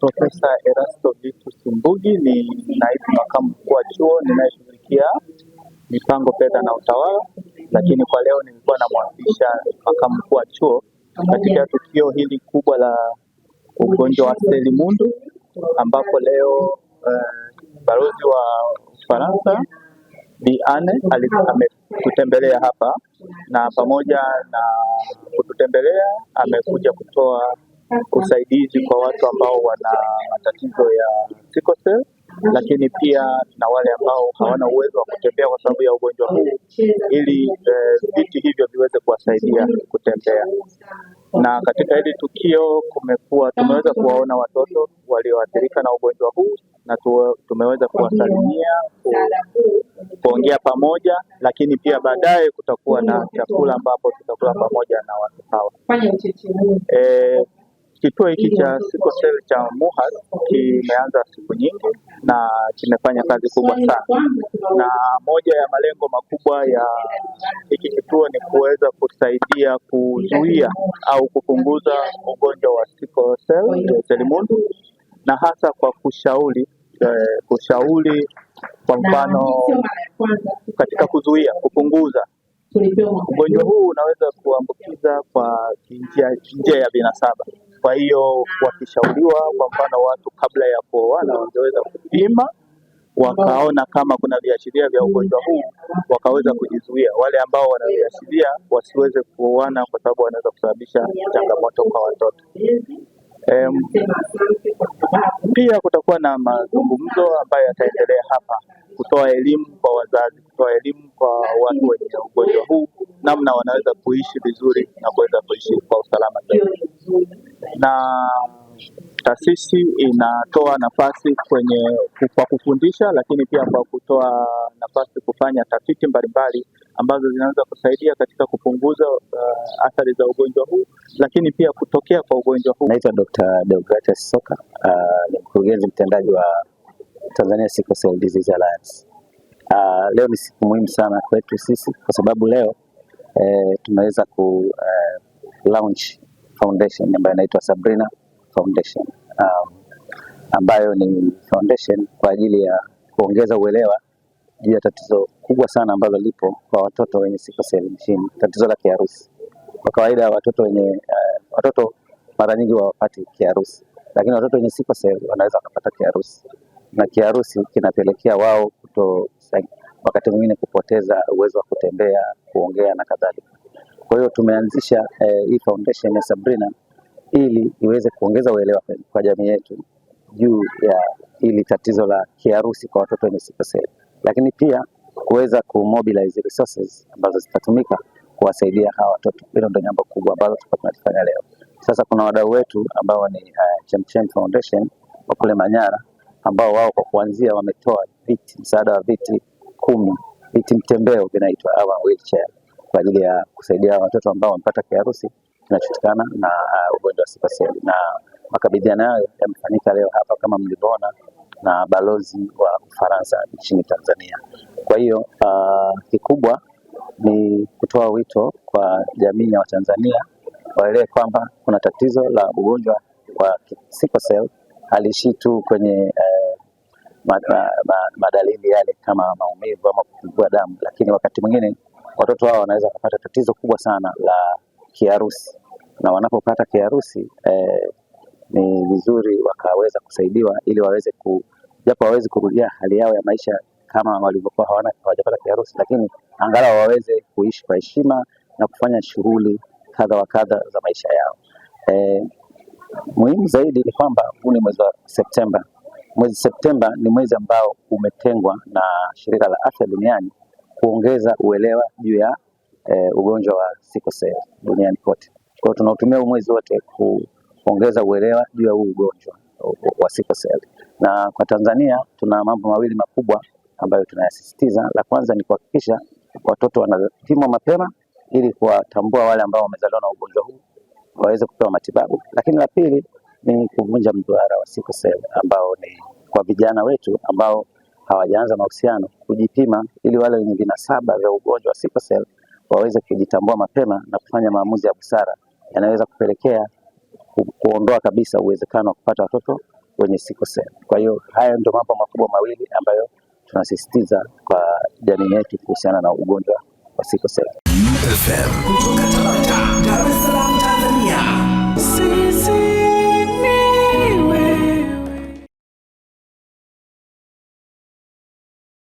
Profesa Erasto Vitus Mbugi ni naibu makamu mkuu wa chuo ninayeshughulikia mipango, fedha na utawala, lakini kwa leo nilikuwa namwakilisha makamu mkuu wa chuo katika tukio hili kubwa la ugonjwa wa selimundu, ambapo leo uh, balozi wa Ufaransa Bi Anne ametutembelea hapa na pamoja na kututembelea amekuja kutoa usaidizi kwa watu ambao wana matatizo ya sickle cell, lakini pia na wale ambao hawana uwezo wa kutembea kwa sababu ya ugonjwa huu, ili eh, viti eh, hivyo viweze kuwasaidia kutembea. Na katika hili tukio kumekuwa tumeweza kuwaona watoto walioathirika na ugonjwa huu na tumeweza kuwasalimia, kuongea pamoja, lakini pia baadaye kutakuwa na chakula ambapo tutakula pamoja na watu hawa eh, Kituo hiki cha sickle cell cha MUHAS kimeanza siku nyingi na kimefanya kazi kubwa sana, na moja ya malengo makubwa ya hiki kituo ni kuweza kusaidia kuzuia au kupunguza ugonjwa wa sickle cell selimundu, na hasa kwa kushauri eh, kushauri kwa mfano katika kuzuia kupunguza ugonjwa huu unaweza kuambukiza kwa njia ya binasaba. Kwa hiyo wakishauriwa, kwa mfano, watu kabla ya kuoana wangeweza kupima wakaona kama kuna viashiria vya ugonjwa huu wakaweza kujizuia. Wale ambao wana viashiria wasiweze kuoana, kwa sababu wanaweza kusababisha changamoto kwa watoto. Um, pia kutakuwa na mazungumzo ambayo yataendelea hapa kutoa elimu kwa wazazi, kutoa elimu kwa watu wenye ugonjwa huu, namna wanaweza kuishi vizuri na kuweza kuishi kwa usalama zaidi na taasisi inatoa nafasi kwenye kwa kufundisha, lakini pia kwa kutoa nafasi kufanya tafiti mbalimbali ambazo zinaweza kusaidia katika kupunguza uh, athari za ugonjwa huu, lakini pia kutokea kwa ugonjwa huu. Naitwa Dr. Deogratias Soka, uh, ni uh, mkurugenzi mtendaji wa Tanzania Sickle Cell Disease Alliance. Uh, leo ni siku muhimu sana kwetu sisi kwa sababu leo eh, tumeweza ku eh, launch Foundation ambayo inaitwa Sabrina Foundation um, ambayo ni foundation kwa ajili ya kuongeza uelewa juu ya tatizo kubwa sana ambalo lipo kwa watoto wenye sikoseli nchini, tatizo la kiharusi. Kwa kawaida watoto wenye uh, watoto mara nyingi wapati kiharusi, lakini watoto wenye sel wanaweza wakapata kiharusi, na kiharusi kinapelekea wao kuto wakati mwingine kupoteza uwezo wa kutembea, kuongea na kadhalika. Kwa hiyo tumeanzisha eh, hii e, foundation ya Sabrina ili iweze kuongeza uelewa kwa jamii yetu juu ya hili tatizo la kiharusi kwa watoto wenye sickle cell, lakini pia kuweza kumobilize resources ambazo zitatumika kuwasaidia hawa watoto. Hilo ndio jambo kubwa ambalo tulikuwa leo. Sasa kuna wadau wetu ambao ni uh, eh, Chemchem Foundation wa kule Manyara ambao wao kwa kuanzia wametoa viti, msaada wa viti kumi, viti mtembeo vinaitwa wheelchair kwa ajili ya kusaidia watoto ambao wamepata kiharusi kinachotokana na uh, ugonjwa wa sipaseli, na makabidhiano hayo yamefanyika leo hapa kama mlivyoona na balozi wa Ufaransa nchini Tanzania. Kwa hiyo uh, kikubwa ni kutoa wito kwa jamii ya Watanzania waelewe kwamba kuna tatizo la ugonjwa wa sickle cell halishi tu kwenye uh, madalili ma, ma, ma yale kama maumivu ama kupungua damu, lakini wakati mwingine watoto hao wanaweza kupata tatizo kubwa sana la kiharusi, na wanapopata kiharusi eh, ni vizuri wakaweza kusaidiwa ili waweze ku, japo waweze kurudia hali yao ya maisha kama walivyokuwa hawana hawajapata kiharusi, lakini angalau waweze kuishi kwa heshima na kufanya shughuli kadha wa kadha za maisha yao. Eh, muhimu zaidi ni kwamba huu ni mwezi wa Septemba. Mwezi Septemba ni mwezi ambao umetengwa na Shirika la Afya Duniani kuongeza uelewa juu ya e, ugonjwa wa sikoseli duniani kote. Kwa hiyo tunautumia huu mwezi wote kuongeza uelewa juu ya huu ugonjwa wa sikoseli, na kwa Tanzania tuna mambo mawili makubwa ambayo tunayasisitiza. La kwanza ni kuhakikisha watoto wanapimwa mapema ili kuwatambua wale ambao wamezaliwa na ugonjwa huu waweze kupewa matibabu, lakini la pili ni kuvunja mduara wa sikoseli ambao ni kwa vijana wetu ambao hawajaanza mahusiano kujipima, ili wale wenye vinasaba vya ugonjwa wa sickle cell waweze kujitambua mapema na kufanya maamuzi ya busara yanayoweza kupelekea kuondoa kabisa uwezekano wa kupata watoto wenye sickle cell. Kwa hiyo haya ndio mambo makubwa mawili ambayo tunasisitiza kwa jamii yetu kuhusiana na ugonjwa wa sickle cell.